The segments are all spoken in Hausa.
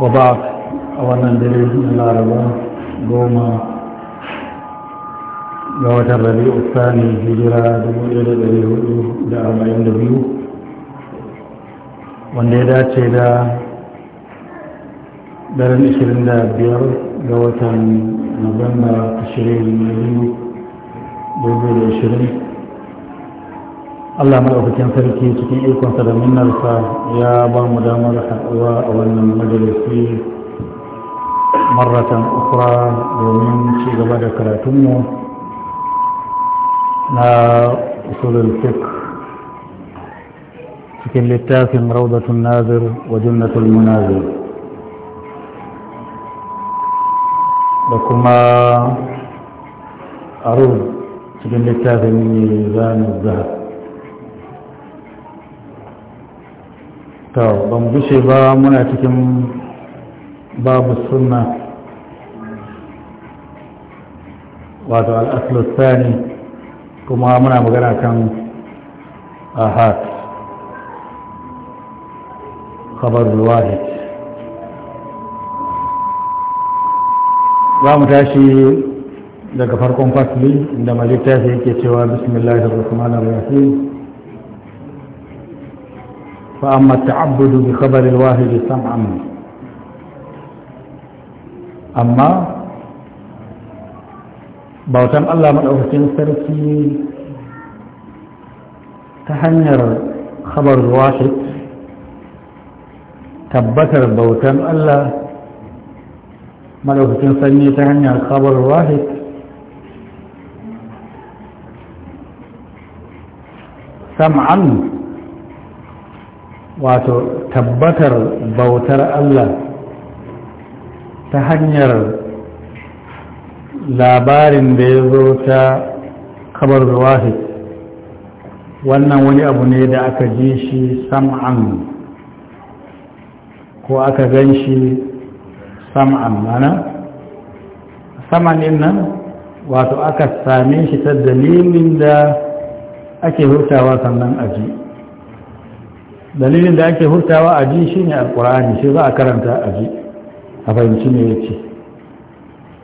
wa ba a wannan dare na laraba goma ga watan rabi'u sani hijira 1442 wanda ya dace da daren 25 ga watan nuwamba 2020 Allah madaukakin sarki cikin ikonsa da minnarsa ya ba mu damar haɗuwa a wannan majalisi marratan ukra domin ci gaba da karatunmu na usulul fiqh cikin littafin raudatun nazir wa jannatul munazir da kuma aruz cikin littafin zanen zahab ta ban gushe ba muna cikin babu sunna wato al'asulustani kuma muna magana kan ahad khabar wahid za mu tashi daga farkon fasli inda malittafi yake cewa bismillahir rahmanir rahim فأما التعبد بخبر الواحد سمعا أما بوتم الله من أوفتين سرسي تهنر خبر الواحد تبتر بوتم الله من أوفتين سرسي تهنر خبر الواحد سمعا wato tabbatar bautar Allah ta hanyar labarin da ya zo ta kabar wahid wannan wani abu ne da aka ji shi sam'an ko aka gan shi sam'an mana samanin nan wato aka same shi ta dalilin da ake hutawa sannan aji dalilin da ake hurtawa a ji ne alkur'ani shi za a karanta a ji a fahimci ya ce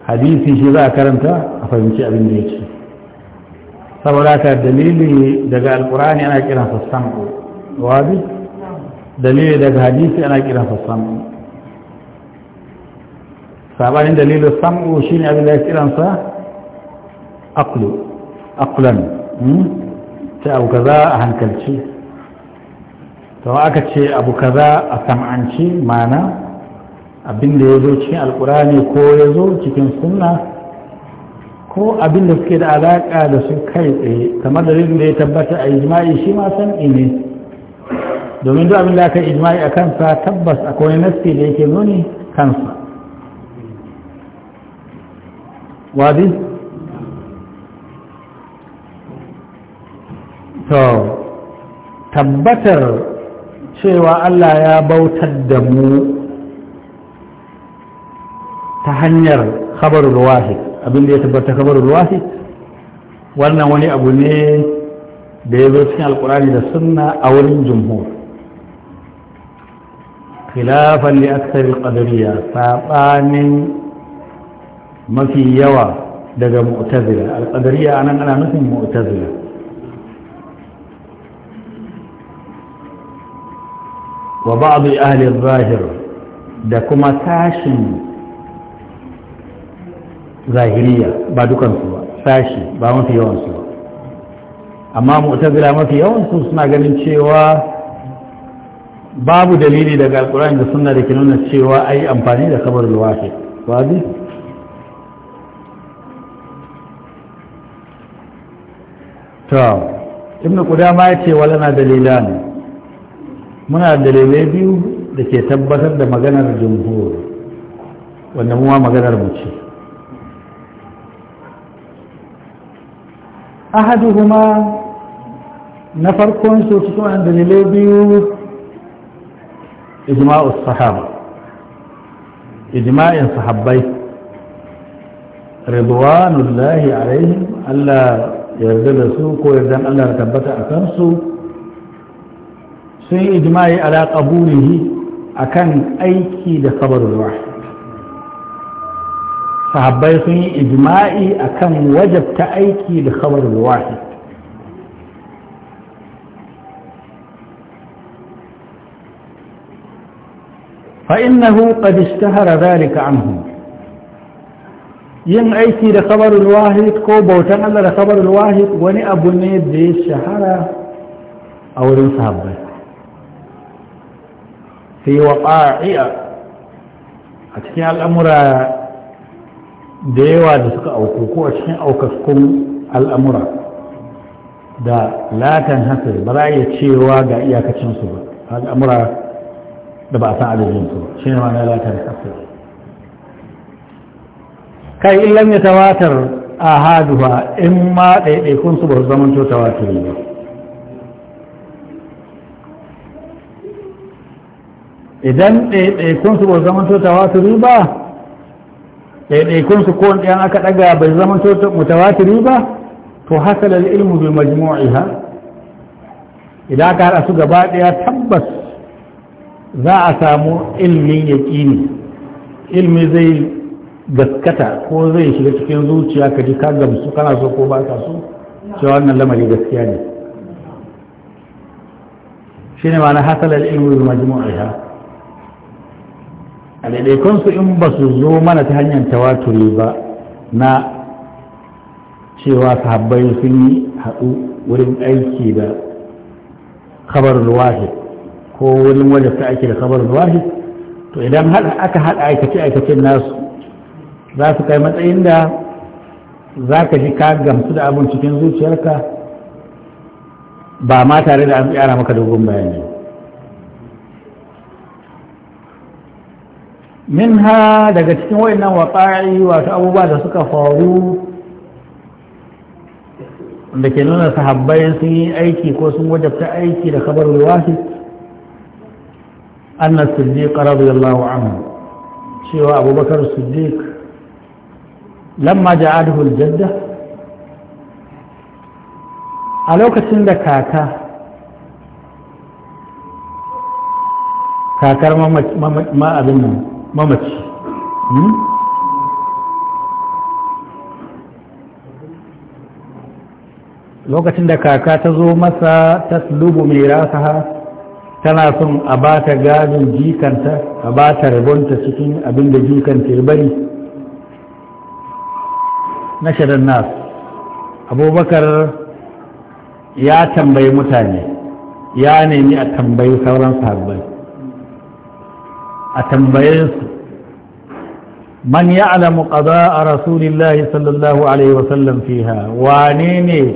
hadisi shi za a karanta a fahimci abin da ya ce saboda ka dalili daga alkur'ani ana kiransa sam'u wabi dalili daga hadisi ana kiransa sam'u sabanin dalilin sam'u shi ne abin da ya kiransa aklu aklan hmm? ta abu kaza a hankalci kama aka ce abu kaza a sam'anci mana abinda ya zo cikin alkurani ko ya zo cikin sunna ko abinda suke da alaƙa da su kai tsaye kamar da rikin da ya tabbata a ijima'i shi ma san ne domin duk abinda aka ijima'i a kansa tabbas akwai nassi da yake nuni kansa wadi to tabbatar cewa Allah ya bautar da mu ta hanyar khabarul wahid da ya tabbata khabarul wahid wannan wani abu ne da ya zo cikin alkurani da sunna a wurin jumhur khilafan li akthar alqadariya sabanin mafi yawa daga mu'tazila alqadariya anan ana nufin mu'tazila wa ba'adu ahalin zahir da kuma sashin zahiriya ba dukansu ba sashi ba mafi yawansu ba amma mu'tazila mafi yawansu suna ganin cewa babu dalili daga alkur'ani da sunna da ke nuna cewa ai amfani da kabar luwafi wazi to ibn qudama yace walana dalilan muna dalilai biyu da ke tabbatar da maganar jumhur wanda muwa maganar mu ce ahaduhuma na farkon su cikin wani dalilai biyu ijma'u sahaba ijma'in sahabbai ridwanullahi alaihim Allah yarda da su ko yardan Allah tabbata a kansu sun yi ijma'i ala qabulihi akan aiki da sabarul ruwa sahabbai sun yi ijma'i akan wajabta aiki da sabarul wahid فإنه قد اشتهر ذلك عنهم yin aiki da kabarul wahid ko bautan Allah da kabarul wahid wani abu ne da ya shahara a wurin sahabbai wa waƙa'i'a a cikin al'amura da yawa da suka auku ko a cikin aukaskun al'amura da latin hasari ba za a iya cewa ga iyakacinsu ba al'amura da ba a san adadinsu ba shi ne ma na latan kai illan ya tawatar a haduwa in ma ɗaiɗaikunsu ba su zamanto tawatari ba idan ɗaiɗaikunsu ba zama to tawatiri ba ɗaiɗaikunsu ko ɗayan aka ɗaga bai zama ta mutawatiri ba to da ilmu bi majmu'iha idan aka haɗa su gaba ɗaya tabbas za a samu ilmin ƙini ilmi zai gaskata ko zai shiga cikin zuciya ka ji ka gamsu kana so ko ba ka so cewa wannan lamari gaskiya ne ma ma'ana hasalar ilmu bi majmu'iha a daidaikonsu in ba su zo mana ta hanyar tawaturi ba na cewa sahabbai sun yi haɗu wurin aiki da khabar wahid ko wurin ta aiki da khabar wahid to idan aka haɗa aikace-aikacen nasu za su kai matsayin da za ka ji ka gamsu da abin cikin zuciyarka ba ma tare da an tsara maka dogon bayani ba minha daga cikin wayannan waƙa'i wato abubuwa da suka faru da ke nuna sahabbai sun yi aiki ko sun wajabta aiki da kabar wahi anna siddiq radiyallahu anhu cewa abubakar siddiq lamma ja'aduhu aljadda a lokacin da kaka kakar ma abin nan mamaci hmm? lokacin da kaka ta zo masa ta lubu mai rasaha tana son a ba ta gajin jikanta a ba ta rabonta cikin abin da jikanta ya bari na shirin nasu, abubakar ya tambayi mutane ya nemi a tambayi sauran sahabbai a tambaye su man ya'lamu a rasulillahi sallallahu alaihi wasallam fiha wane ne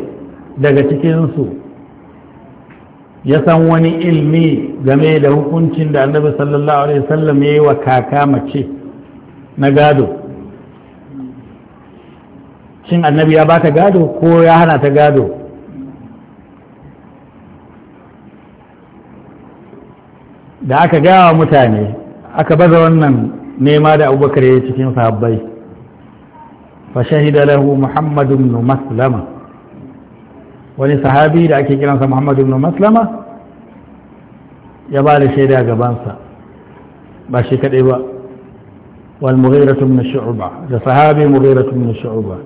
daga cikin su ya san wani ilmi game da hukuncin da annabi sallallahu alaihi wasallam yi wa kaka mace na gado shin annabi ya bata gado ko ya hana ta gado da aka gawa mutane aka baza wannan nema da abubakar ya cikin sahabbai fa shahida lahu muhammad ibn maslama wani sahabi da ake kiransa muhammad ibn maslama ya ba da shaida a gabansa ba shi kadai ba wal mughiratu min shu'ba da sahabi mughiratu min shu'ba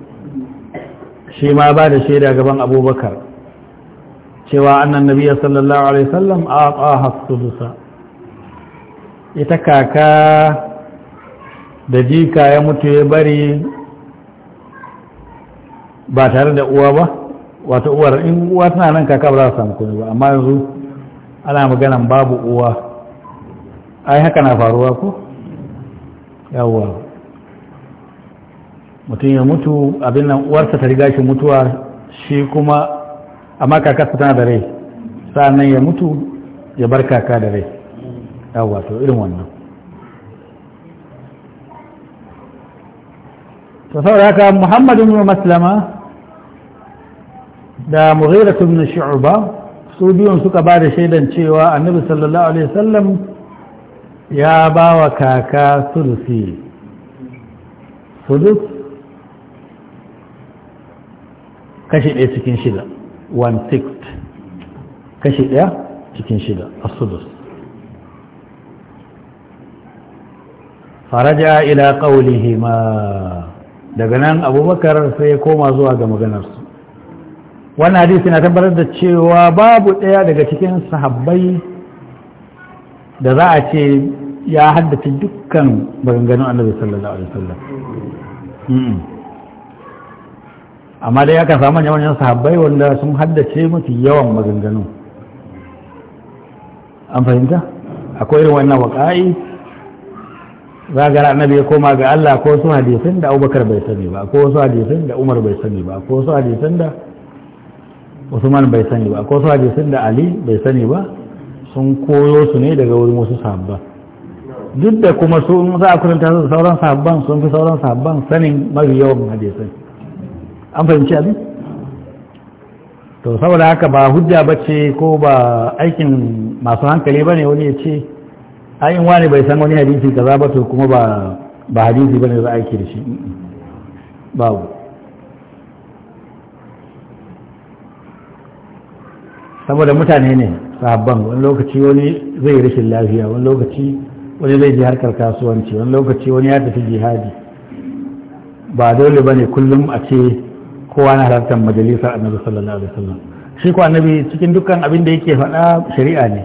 shi ma ba da shaida gaban abubakar cewa annan nabiyyi sallallahu alaihi wasallam a qaha as ita kaka da jika ya mutu ya bari ba tare da uwa ba wata uwar in uwa tana nan kaka ba za su samu kuni ba amma yanzu ana maganan babu uwa ai haka na faruwa ko yawwa mutum ya mutu abin nan uwarsa ta riga shi mutuwa shi kuma amma kakarsa tana da rai sa'an ya mutu ya bar kaka da rai yawwa to irin wannan to saboda haka muhammad ibn maslama da mughira ibn shu'ba su biyun suka ba da shaidan cewa annabi sallallahu alaihi wasallam ya ba wa kaka sulusi sulus kashi ɗaya cikin shida one sixth kashi ɗaya cikin shida a sulus faraja ila qawlihi ma daga nan abubakar sai ya koma zuwa ga maganarsu wannan hadisi na tabbatar da cewa babu ɗaya daga cikin sahabbai da za a ce ya haddace dukkan maganganun annabi sallallahu alaihi wasallam hmm. amma dai aka samu manyan sahabbai wanda sun haddace mafi yawan maganganun an fahimta akwai irin wannan waƙa'i Za zagara annabi ya koma ga Allah ko wasu hadisin da Abubakar bai sani ba ko wasu hadisin da Umar bai sani ba ko wasu hadisin da Usman bai sani ba ko wasu hadisin da Ali bai sani ba sun koyo su ne daga wurin wasu sahabban duk da kuma su in za a kuranta su sauran sahabban sun fi sauran sahabban sanin mafi yawan hadisin an fahimci abin to saboda haka ba hujja ba ce ko ba aikin masu hankali bane wani ya ce A ayin wani bai san wani hadisi kaza ba to kuma ba ba hadisi bane za a aiki da shi babu saboda mutane ne sahabban wani lokaci wani zai rashin lafiya wani lokaci wani zai ji harkar kasuwanci wani lokaci wani ya tafi jihadi ba dole ba ne kullum a ce kowa na halartar majalisar annabi sallallahu alaihi wasallam shi ko annabi cikin dukkan abin da yake faɗa shari'a ne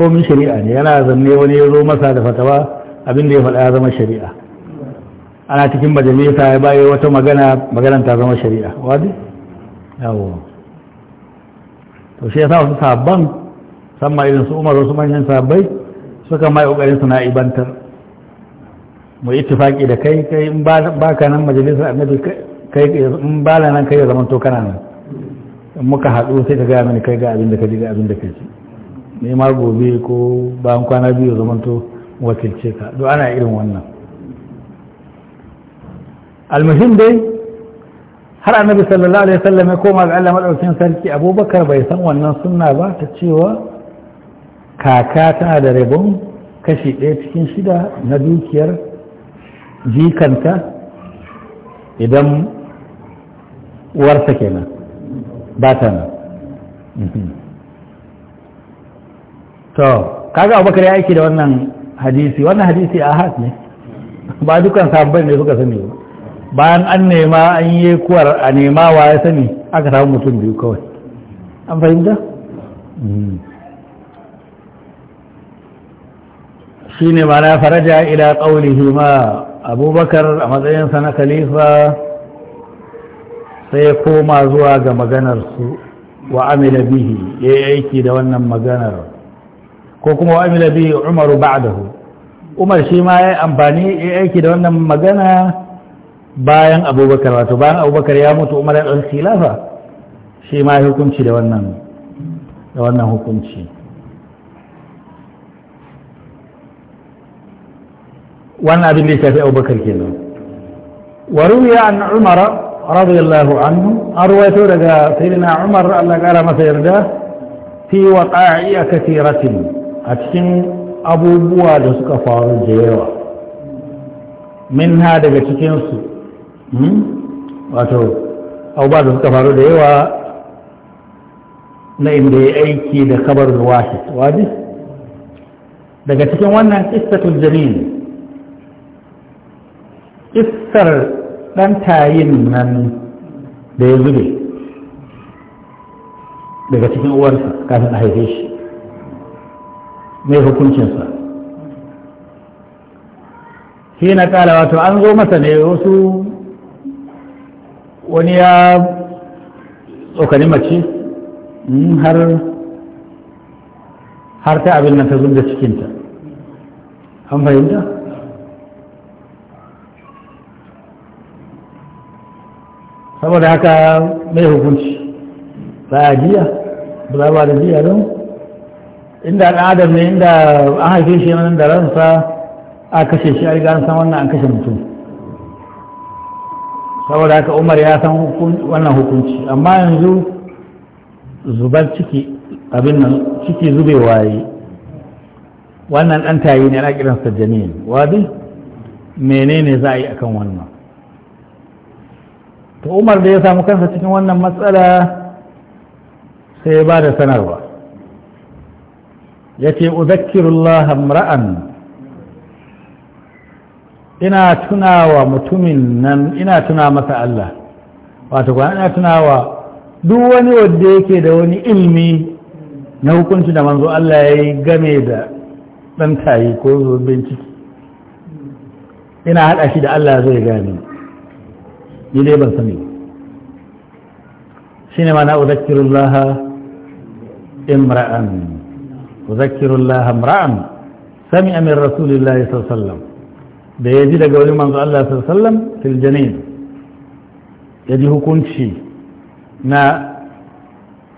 komin shari'a ne yana zanne wani ya zo masa da fatawa abin da ya faɗa ya zama shari'a ana cikin majalisa ya bayo wata magana ta zama shari'a wadi yawo to shi yasa wasu sabban ma irin su umar wasu manyan sabbai suka mai kokarin suna ibantar mu ittifaki da kai kai in ba ka nan majalisar annabi kai in ba nan kai ya zama to kana nan muka haɗu sai ka gaya mini kai ga abin da ka ji ga abin da ka ji ma gobe ko bayan kwana biyu to wakilce ka duk ana irin wannan almuhim dai har annabi sallallahu alaihi wasallam ya koma ga Allah madaukakin sarki abubakar bai san wannan sunna ba ta cewa kaka tana da rabon kashi ɗaya cikin shida na dukiyar jikanta idan uwarsa kenan ba ta nan mhm. to kaga abubakar ya aiki da wannan hadisi wannan hadisi a ahad ne ba dukan sabbai ne suka sani ba bayan an nema an yi kuwar a nema wa ya sani aka samu mutum biyu kawai an fahimta? Hmm. shi ne na faraja ila ƙaunihi ma abubakar a matsayinsa na khalifa sai koma zuwa ga maganarsu wa amila bihi ya yi aiki da wannan maganar ko kuma wa amila bi umaru ba'dahu umar shi ma ya amfani ya aiki da wannan magana bayan abubakar wato bayan abubakar ya mutu umar ya ɗan khilafa shi ma ya hukunci da wannan da wannan hukunci wannan abin da ya shafi abubakar kenan wa ruwiya an umara radiyallahu anhu an ruwaito daga sayyidina umar Allah ya kara masa yarda fi waqa'i kathiratin a cikin abubuwa da suka faru da yawa min ha daga cikinsu hmm? wato abubuwa da suka faru da yawa na inda ya aiki da kabar wahid wadi daga cikin wannan istatul jamin istar ɗan tayin nan da ya zube daga cikin uwarsa kafin a haife shi mai hukuncinsa shi na kala wato an zo masa ne wasu wani ya tsokani mace mm, har har ta abin nan ta zunda cikinta an fahimta saboda haka mai hukunci ba a jiya ba za ba da jiya don inda ɗan adam ne inda an haife shi nan da ransa a kashe shi a riga san wannan an kashe mutum saboda haka umar ya san wannan hukunci amma yanzu zubar ciki abin nan ciki zubewa yi wannan ɗan tayi ne ana kiransa jami'in wadi menene za a yi akan wannan to umar da ya samu kansa cikin wannan matsala sai ya ba da sanarwa ya ce uzakirullah amra'an ina tunawa mutumin nan ina tuna masa Allah wato kuwa ina tunawa duk wani wanda yake da wani ilmi na hukunci da manzo Allah ya yi game da tayi ko zurbin ciki ina haɗa shi da Allah zai gane ni dai ban sani shi ne ma na uzakirullah imra'an تذكر الله امرأة سمع من رسول الله صلى الله عليه وسلم بيجد قول من الله صلى الله عليه وسلم في الجنين يجيه كنت شيء ما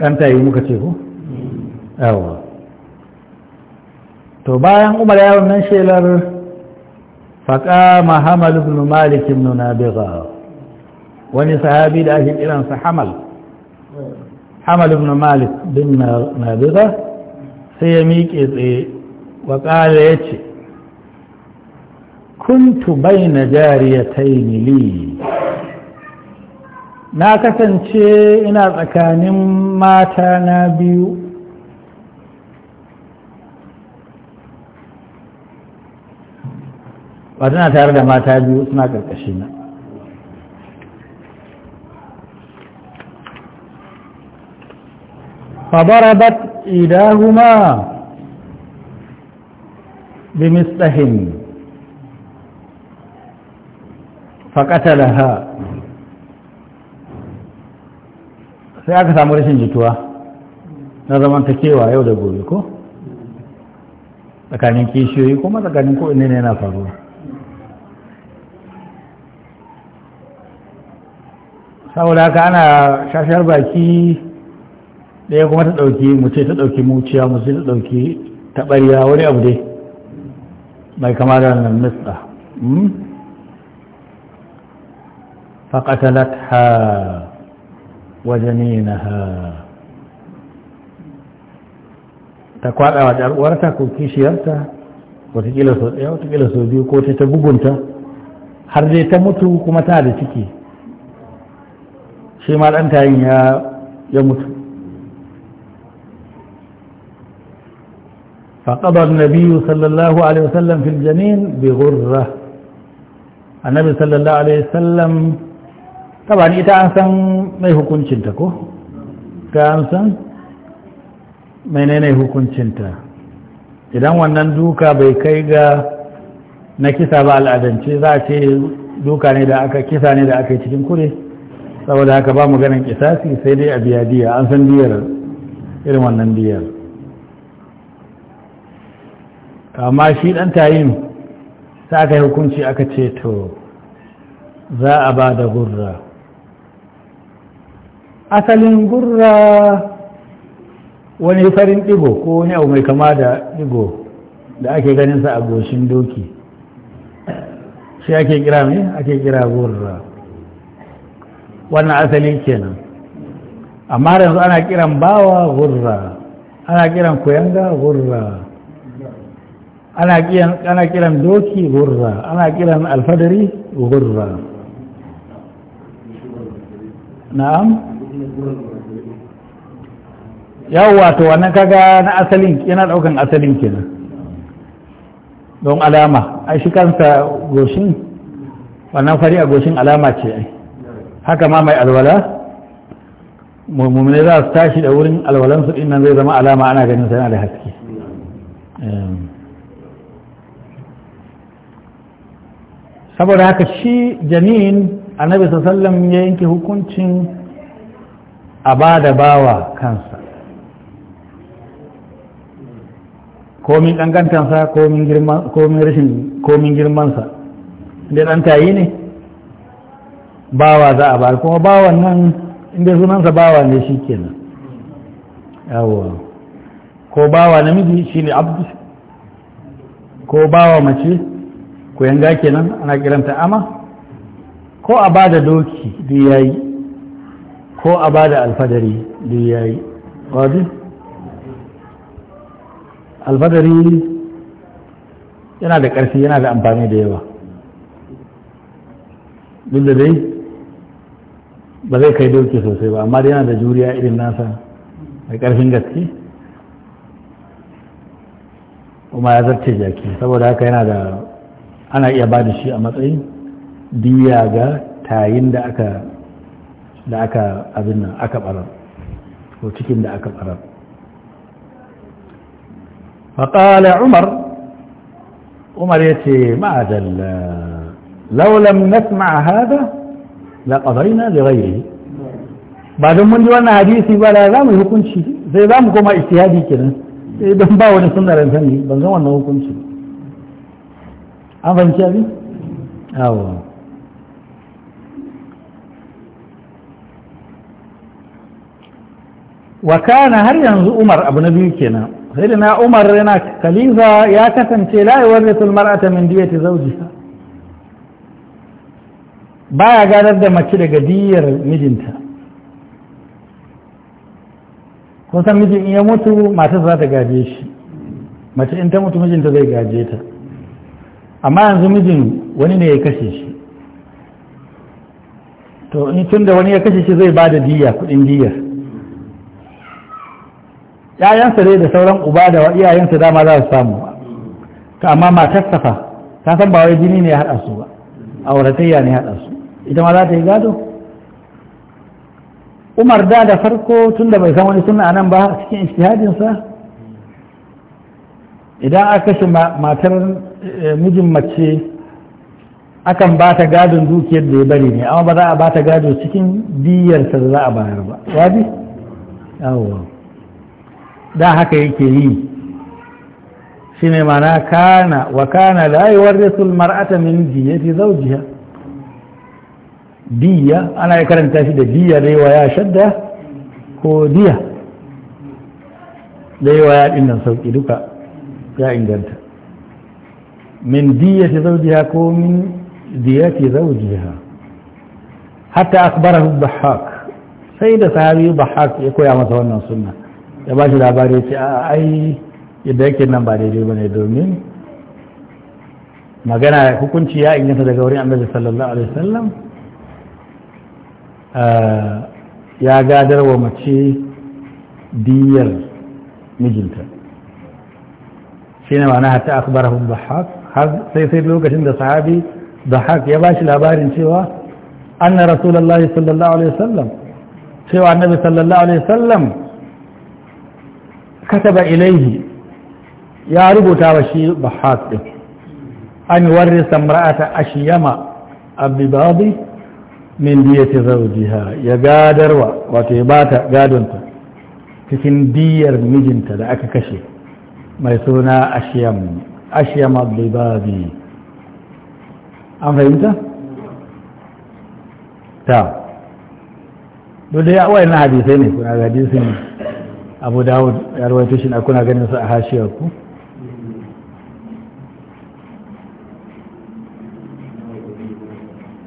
أنت أيومك تشيه أهو أيوة. توبا ينقم عليها من شيلر فقام حمل بن مالك بن نابغة وني صحابي لأهل إلان سحمل حمل بن مالك بن نابغة sai ya miƙe tsaye waƙala ya ce kuntu bai na yi nili na kasance ina tsakanin mata na biyu ba tana tare da mata biyu suna ƙarƙashi na فضربت إلهما بمسطح فقتلها sai aka samu rashin jituwa na kewa yau da gobe ko tsakanin kishiyoyi kuma tsakanin ko ne yana faruwa saboda haka ana shashar baki ɗaya kuma ta ɗauki mu ta ɗauki muciya mu ta ɗauki taɓarya wani abu dai mai kama da nan misla hmm? faƙatalat ha wajen na ha ta kwaɗa wa ɗar'uwarta ko kishiyarta watakila sau ɗaya watakila sau biyu ko ta bugunta har dai ta mutu kuma ta da ciki shi ma ɗan tayin ya mutu فقضى النبي صلى الله عليه وسلم في الجنين بغرة النبي صلى الله عليه وسلم طبعا إذا أنسان ما يكون شنتكو كأنسان menene hukuncinta idan wannan duka bai kai ga na kisa ba al'adance za a ce duka ne da aka kisa ne da aka yi cikin kure saboda haka ba mu ganin sai dai a biya diya an san diyar irin wannan diyar amma shi ɗan tayin sai aka hukunci aka ce to za a ba da gurra asalin gurra wani farin ɗigo ko wani abu mai kama da ɗigo da ake ganin a goshin doki shi ake kira mai ake kira gurra wannan asali kenan amma yanzu ana kiran bawa gurra ana kiran koyanga gurra ana kiran ana kiran doki gurra ana kiran alfadari gurra na'am yawwa to wannan kaga na asalin yana daukan asalin kenan don alama ai shi kansa goshin wannan fari a goshin alama ce ai haka ma mai alwala mummune za su tashi da wurin alwalansu ɗin nan zai zama alama ana ganin sa yana da haske ehm. saboda haka shi janin annabi sallam ya yanke hukuncin a ba da bawa kansa komin kankantansa komin girmansa inda ɗan tayi ne bawa za a ba kuma bawan nan inda sunansa bawa ne shi kenan yawo ko bawa namiji shi ne abdu ko bawa mace yanga kenan ana kiranta ama ko a ba da doki ya yayi ko a ba da alfadari ya yayi wadi alfadari yana da ƙarfi yana da amfani da yawa duk da dai ba zai kai doki sosai ba amma dai yana da juriya irin nasa da ƙarfin gaske kuma ya zarce jaki saboda haka yana da ana iya ba da shi a matsayin diya ga tayin da aka da aka abin nan aka barar ko cikin da aka barar faƙala umar umar ya ce ma'adalla laulam nasma hada la ƙazaina da gairi ba don mun ji wannan hadisi ba da za mu hukunci sai za mu koma istihadi kenan sai don ba wani sunaran sani ban zan wannan hukunci ba. an fahimci abi? awo wakana har yanzu umar abu na biyu kenan sai da na umar yana khalifa ya kasance layuwar da tulmar'ata min diyati Ba ya gadar da mace daga diyar mijinta kusan mijin ya mutu mata za ta gaje shi mace in ta mutu mijinta zai gaje ta amma yanzu mijin wani ne ya kashe shi to ni tun da wani ya kashe shi zai ba da diya kudin diyar ‘ya'yansa dai da sauran uba da iyayensa dama za su samu ta amma matar safa ta san ba wai jini ne ya haɗa su ba auratayya ne ya haɗa su ita ma za ta yi gado umar da da farko tun da bai san wani suna nan ba cikin ishtihadinsa idan aka kashe matar eh, mijin mace akan ba ta gadon dukiyar da ya bari ne amma ba za a ba ta gado cikin diyarta da za a bayar ba bi? yawon da haka yake yi shi ne mana kana wa kana la yi warrisul mar'ata min zau jiya diya ana yi karanta shi da diya da yawa ya shadda ko diya da yawa ya nan sauƙi duka ya inganta min diyati zawjiha ko min diyati zawjiha hatta akbarahu bahak sai da sahabi bahak ya koya masa wannan sunna ya ba shi labari ce a ai yadda yake nan ba daidai bane domin magana hukunci ya inganta daga wurin annabi sallallahu alaihi wasallam ya gadar wa mace diyar mijinta حينما نعت أخبره الضحاك سيصير له كشند صحابي ضحاك يباش الأبار سوى أن رسول الله صلى الله عليه وسلم سوى النبي صلى الله عليه وسلم كتب إليه يا رب تاوشي ضحاك أن يورس امرأة أشيما الضباب من دية زوجها يا قادر وتيبات قادنت في كندير مجنت لأككشف mai suna ashiyam ashiyam abdullabi an fahimta? ta dole ya wayan na hadisai ne kuna ga hadisin abu dawud ya rawaito shi na kuna ganin su a hashiyar ku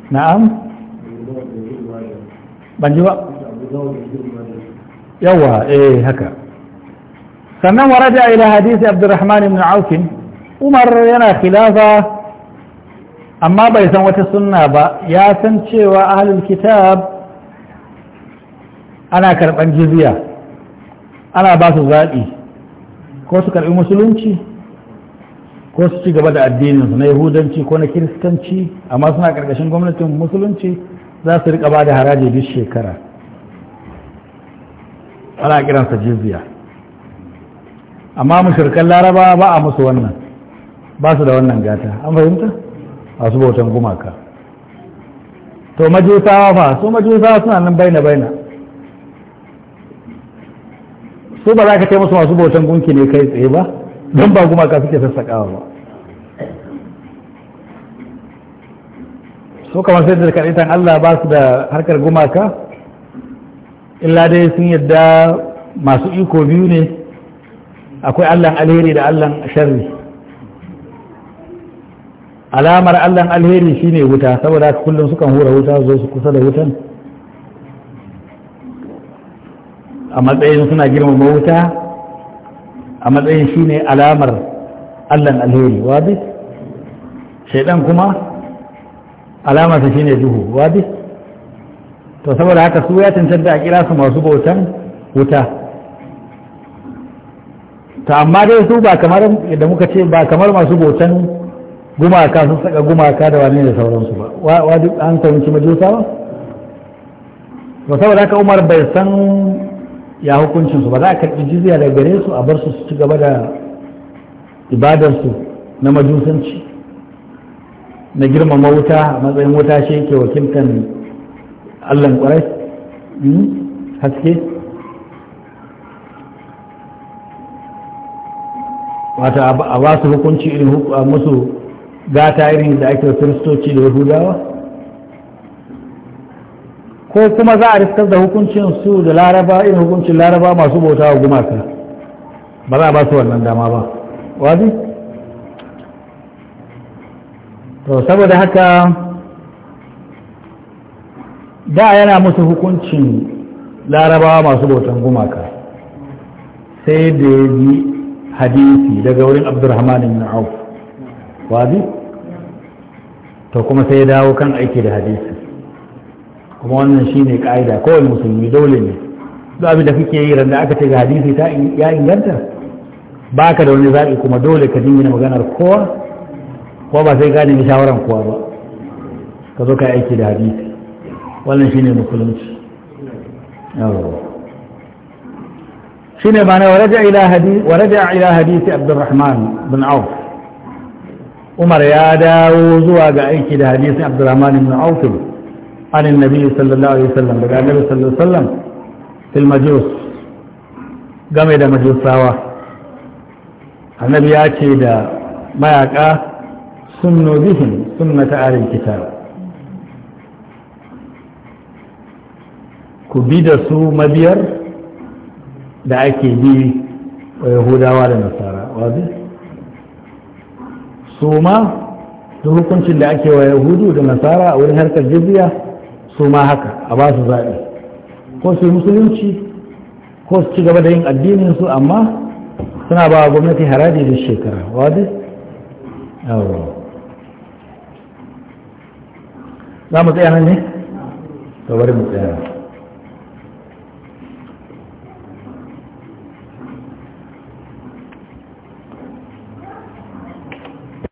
na'am ban ji ba yawa eh haka sannan waraja ila hadisi abdurrahman ibn auf umar yana khilafa amma bai san wata sunna ba ya san cewa ahlul kitab ana karban jizya ana ba su zaɓi ko su karɓi musulunci ko su ci gaba da addininsu na yahudanci ko na kiristanci amma suna ƙarƙashin gwamnatin musulunci za su riƙa ba da haraji duk shekara ana kiransa jizya amma mushirkan laraba ba a musu wannan ba su da wannan gata an fahimta a su bautan gumaka to majusawa fa su majusawa suna nan baina baina su ba za ka ce musu masu bautan gunki ne kai tsaye ba don ba gumaka suke sassaƙawa ba su kamar sai da karitan Allah ba su da harkar gumaka illa dai sun yadda masu iko biyu ne akwai allan alheri da allan sharri alamar allan alheri shine wuta saboda kullum sukan hura wuta zo su kusa da wutan a matsayin suna girmama wuta a matsayin shine alamar allan alheri wadi shaidan kuma alamarsa shine duhu wadi to saboda haka su ya cancanta a kira su masu bautan wuta to amma dai su ba kamar yadda muka ce ba kamar masu botan gumaka sun saka gumaka da wani da sauransu ba wa duk an fahimci majusawa ba Ba saboda haka umar bai san ya hukuncinsu ba za a karɓi jizya daga gare su a bar su su ci gaba da ibadarsu na majusanci na girmama wuta a matsayin wuta shi ke wakiltan allah ƙwarai hmm? haske wata a ba su hukunci musu gata irin da ake kiristoci da yahudawa ko kuma za a riskar da hukuncin su da laraba irin hukuncin laraba masu bauta wa gumaka ba za a ba su wannan dama ba wazi to saboda haka da yana musu hukuncin larabawa masu bautan gumaka sai da ya ji hadisi daga wurin abdurrahman ibn auf wazi to kuma sai ya dawo kan aiki da hadisi kuma wannan shine ka'ida kawai musulmi dole ne duk abin da kake yi randa aka ce ga hadisi ta ya inganta baka da wani zaɓi kuma dole ka jingina maganar kowa kowa ba sai gane shawaran kowa ba ka zo ka aiki da hadisi wannan shine musulunci yawon شنو ba na إلى هدي ورجع إلى حديث عبد الرحمن بن عوف عمر يا داو زوا ga aiki da hadisin Abdurrahman bin Auf an annabi sallallahu alaihi wasallam daga annabi sallallahu alaihi wasallam fil majus game da majusawa annabi ya ce da mayaka sunnu bihim sunnata ahlil kitab ku bi da su mabiyar da ake bi wa eh, yahudawa da nasara wazi su ma da hukuncin da ake wa yahudu da nasara a wurin harkar jirgin su ma haka a ba su zaɓi ko su musulunci ko su ci gaba da yin addinin su amma suna ba gwamnati haraji da shekara wazi za mu tsaya nan ne? bari mu tsaya